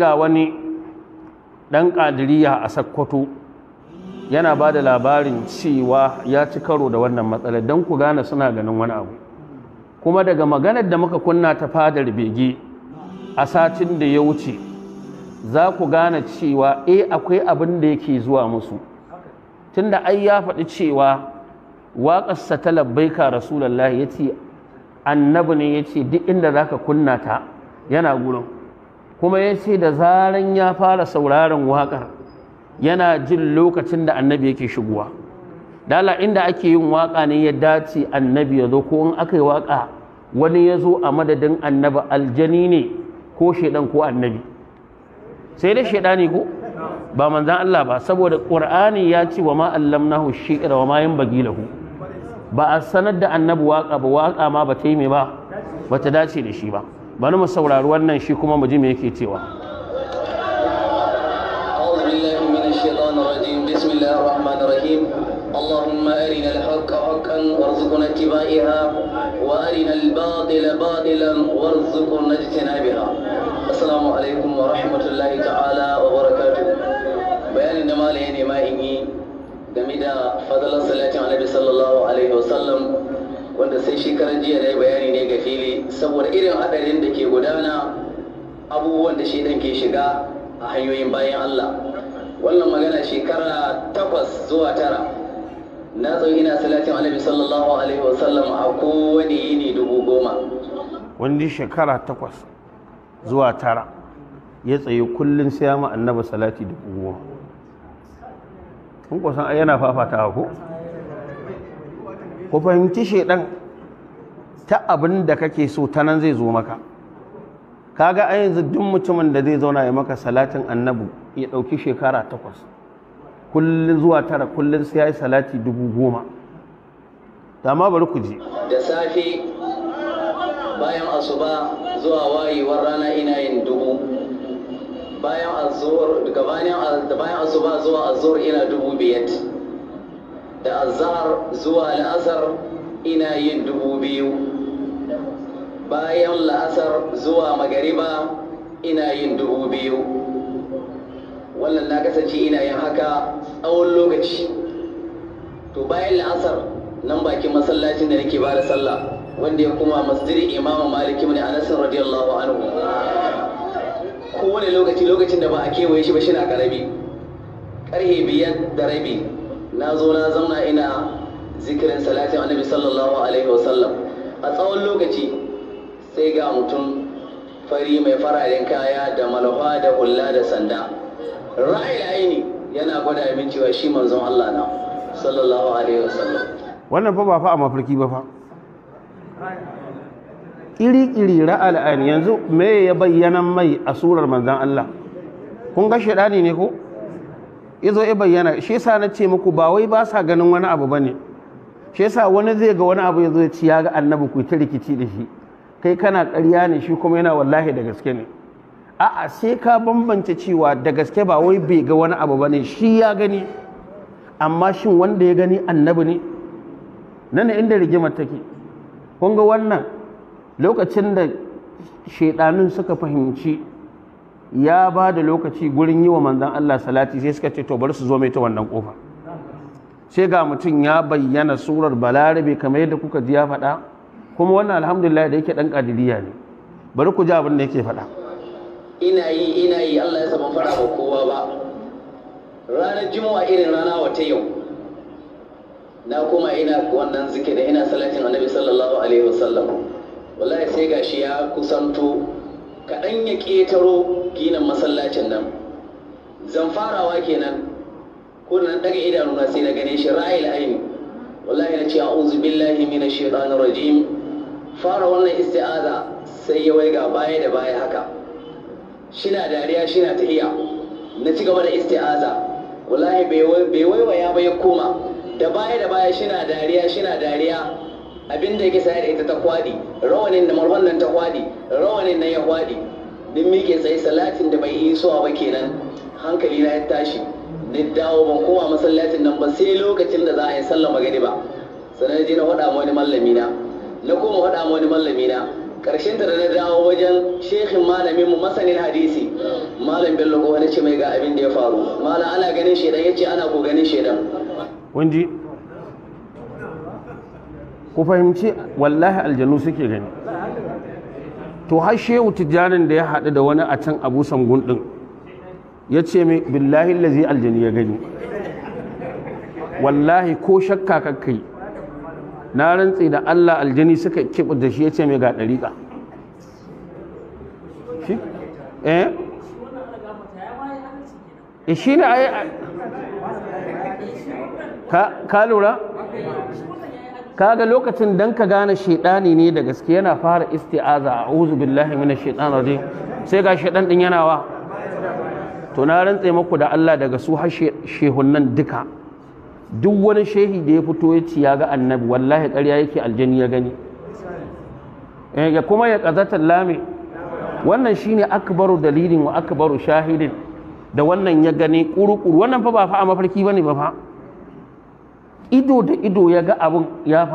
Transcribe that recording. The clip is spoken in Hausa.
ga wani ɗan ƙadiriya a sakkwato yana ba da labarin cewa ya ci karo da wannan matsalar don ku gane suna ganin wani abu kuma daga maganar da muka kunna ta fadar bege a satin da ya wuce za ku gane cewa e akwai abin da yake zuwa musu tunda ai ya faɗi cewa waƙarsa ta labbaika rasulallah ya ce annabi ne ya ce duk inda za ka kunna ta yana gurin kuma ya ce da zaran ya fara sauraron waƙar yana jin lokacin da annabi yake shigowa dala inda ake yin waka ne ya dace annabi ya zo ko in aka yi waƙa wani ya zo a madadin annabi aljani ne ko shaidan ko annabi sai dai shaidani ko ba manzan Allah ba saboda ƙur'ani ya ce wa ma'allamnahu shi'ira wa mayan bagilahu ba a sanar da annabi waƙa ba waƙa ma ba ta yi mai ba ba ta dace da shi ba Bani mu saurari wannan shi kuma mu ji me yake cewa اللهم أرنا الحق حقا وارزقنا اتباعها وأرنا الباطل باطلا وارزقنا اجتنابها السلام عليكم ورحمة الله تعالى وبركاته بيان النمال يعني ما إني game da fadalar salatin annabi wanda sai shekaran jiya na yi bayani ne ga fili saboda irin hadarin da ke gudana abubuwan da shi ke shiga a hanyoyin bayan Allah wannan magana shekara takwas zuwa tara na tsawo ina salatin alabi sallallahu alaihi wasallam a kowane yini dubu goma wani shekara takwas zuwa tara ya tsaye kullum sai ya ma annaba salati dubu goma kun kusan yana fafata ko ku fahimci shaidan ta abin da kake so ta nan zai zo maka kaga a yanzu duk mutumin da zai zauna ya maka salatin annabu ya ɗauki shekara takwas kullum zuwa tara kullum sai ya yi salati dubu goma dama bari ku je da safe bayan asuba zuwa wayewar rana ina yin dubu bayan azur gabanin bayan asuba zuwa azur ina dubu biyar da azhar zuwa la'asar ina yin dubu biyu bayan la'asar zuwa magariba ina yin dubu biyu wannan na kasance ina yin haka tsawon lokaci to bayan la'asar nan bakin masallacin da nake bada sallah wanda ya kuma masjidin imamu maliki ibn a radiyallahu anhu kowane lokaci lokacin da ba a kewaye shi ba shi na ƙarami, karhe biyar da rabi na zo na zauna ina zikirin salatin annabi sallallahu alaihi wasallam a tsawon lokaci sai ga mutum fari mai fararen kaya da malafa da hula da sanda ra'ayi aini yana gwada min cewa shi manzon Allah na sallallahu alaihi wasallam wannan fa ba fa a mafarki ba fa iri-iri ra'al ayin yanzu me ya bayyana mai a surar manzan Allah kun ga shedani ne ko izo ya bayyana shi yasa na ce muku ba wai ba sa ganin wani abu bane shi yasa wani zai ga wani abu yazo ya ci ya ga annabi ku ta rikici da shi kai kana ƙarya ne shi kuma yana wallahi da gaske ne a'a sai ka bambance cewa da gaske ba wai bai ga wani abu bane shi ya gani amma shin wanda ya gani annabi ne nan inda rigimar take kun ga wannan lokacin da shaidanin suka fahimci ya ba da lokaci gurin yi wa manzan Allah salati sai suka ce to bari su zo mai ta wannan kofa sai ga mutum ya bayyana surar balarabe kamar yadda kuka ji ya faɗa kuma wannan alhamdulillah da yake dan kadiriya ne bari ku ji abin da yake faɗa ina yi ina yi Allah ya saba fara ba kowa ba ranar juma'a irin rana wata yau na koma ina wannan zikirin, ina salatin annabi sallallahu alaihi wasallam wallahi sai gashi ya kusanto kaɗan ya ƙetaro ginin masallacin nan Zan farawa kenan ko nan daga idanuna sai na gane shi ra'ayil aini wallahi na ce a'udhu billahi minash shaitanir rajim fara wannan isti'aza sai ya waiga baya da baya haka shina dariya shina tahiya na ci gaba da isti'aza wallahi bai waiwaya ba ya koma da baya da baya shina dariya shina dariya abin da yake saye da ita ta kwadi rawanin da marwan ta kwadi rawanin nan ya kwadi din mike tsaye salatin da bai yi suwa ba kenan hankali na ya tashi ni dawo ban koma masallacin nan ba sai lokacin da za a yi sallah magani ba sanar je na faɗa ma wani mallami na na koma faɗa ma wani mallami na karshen da na dawo wajen shehin malamin mu masanin hadisi malam bello ko wani ce mai ga abin da ya faru malam ana ganin shedan ce ana ko ganin shedan wanda ku fahimci wallahi aljanu suke gani to har shehu tijjanin da ya haɗu da wani a can abu sangun ɗin ya ce mai billahi lazi aljani ya gani wallahi ko shakka kakkai na rantsi da allah aljani suka kiɓa da shi ya ce mai ga ɗariƙa shi eh, eh shi ne a yi ka lura kaga lokacin dan ka gane shedani ne da gaske yana fara isti'aza a'udhu billahi minash shaitani rajim sai ga shedan din yana wa to na rantse maku da Allah daga su har shehun nan duka duk wani shehi da ya fito ya ci ya ga annabi wallahi ƙarya yake aljani ya gani eh, ya kuma ya ƙazatar lami wannan shine akbaru dalilin wa akbaru shahidin da wannan ya gani kurukuru. wannan fa ba fa a mafarki bane ba fa ido da ido ya ga abin ya